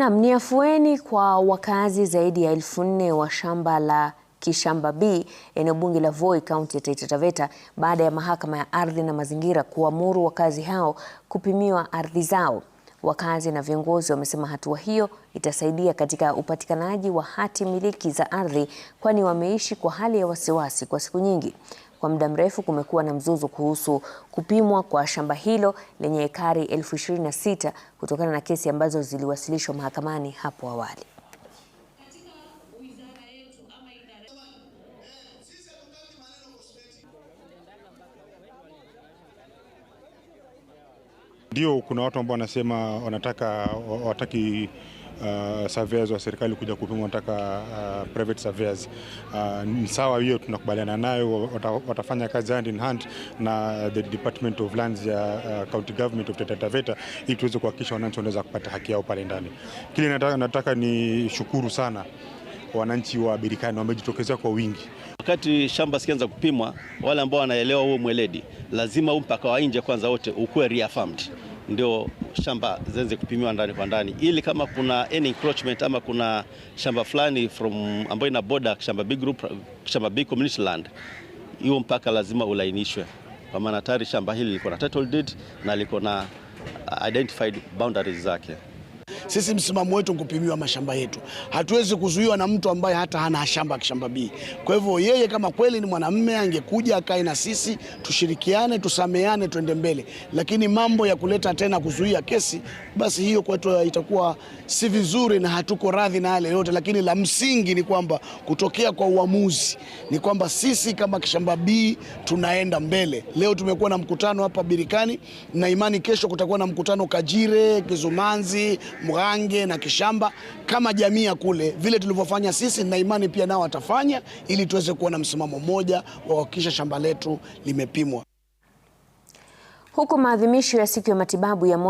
Naam, ni afueni kwa wakazi zaidi ya elfu nne wa shamba la Kishamba B eneo bunge la Voi kaunti ya Taita Taveta baada ya mahakama ya ardhi na mazingira kuamuru wakazi hao kupimiwa ardhi zao. Wakazi na viongozi wamesema hatua hiyo itasaidia katika upatikanaji wa hati miliki za ardhi kwani wameishi kwa hali ya wasiwasi kwa siku nyingi. Kwa muda mrefu kumekuwa na mzozo kuhusu kupimwa kwa shamba hilo lenye ekari elfu ishirini na sita kutokana na kesi ambazo ziliwasilishwa mahakamani hapo awali. Ndio, kuna watu ambao wanasema wanataka wataki uh, surveyors wa serikali kuja kupima, wanataka uh, private surveyors. Uh, ni sawa hiyo, tunakubaliana nayo, watafanya kazi hand in hand na the Department of Lands ya uh, County Government of Taita Taveta ili tuweze kuhakikisha wananchi wanaweza kupata haki yao pale ndani. Kile nataka, nataka ni shukuru sana wananchi wa Birikani wamejitokezea kwa wingi. Wakati shamba zikianza kupimwa, wale ambao wanaelewa huo mweledi lazima huu mpaka wa nje kwanza wote ukuwe reaffirmed ndio shamba zenze kupimiwa ndani kwa ndani, ili kama kuna any encroachment ama kuna shamba fulani from ambayo ina border shamba big group, shamba big community land, hiyo mpaka lazima ulainishwe, kwa maana tayari shamba hili liko na title deed na liko na identified boundaries zake. Sisi msimamo wetu kupimiwa mashamba yetu, hatuwezi kuzuiwa na mtu ambaye hata hana shamba kishamba B. Kwa hivyo yeye kama kweli ni mwanamume angekuja akae na sisi tushirikiane, tusameane, twende mbele, lakini mambo ya kuleta tena kuzuia kesi, basi hiyo kwetu itakuwa si vizuri na hatuko radhi na yale yote, lakini la msingi ni kwamba kutokea kwa uamuzi ni kwamba sisi kama kishamba B tunaenda mbele. Leo tumekuwa na mkutano hapa Birikani na imani kesho kutakuwa na mkutano Kajire, Kizumanzi, Mga Karange na Kishamba kama jamii ya kule vile tulivyofanya sisi, na imani pia nao watafanya, ili tuweze kuwa na msimamo mmoja wa kuhakikisha shamba letu limepimwa. Huku maadhimisho ya siku ya matibabu ya moyo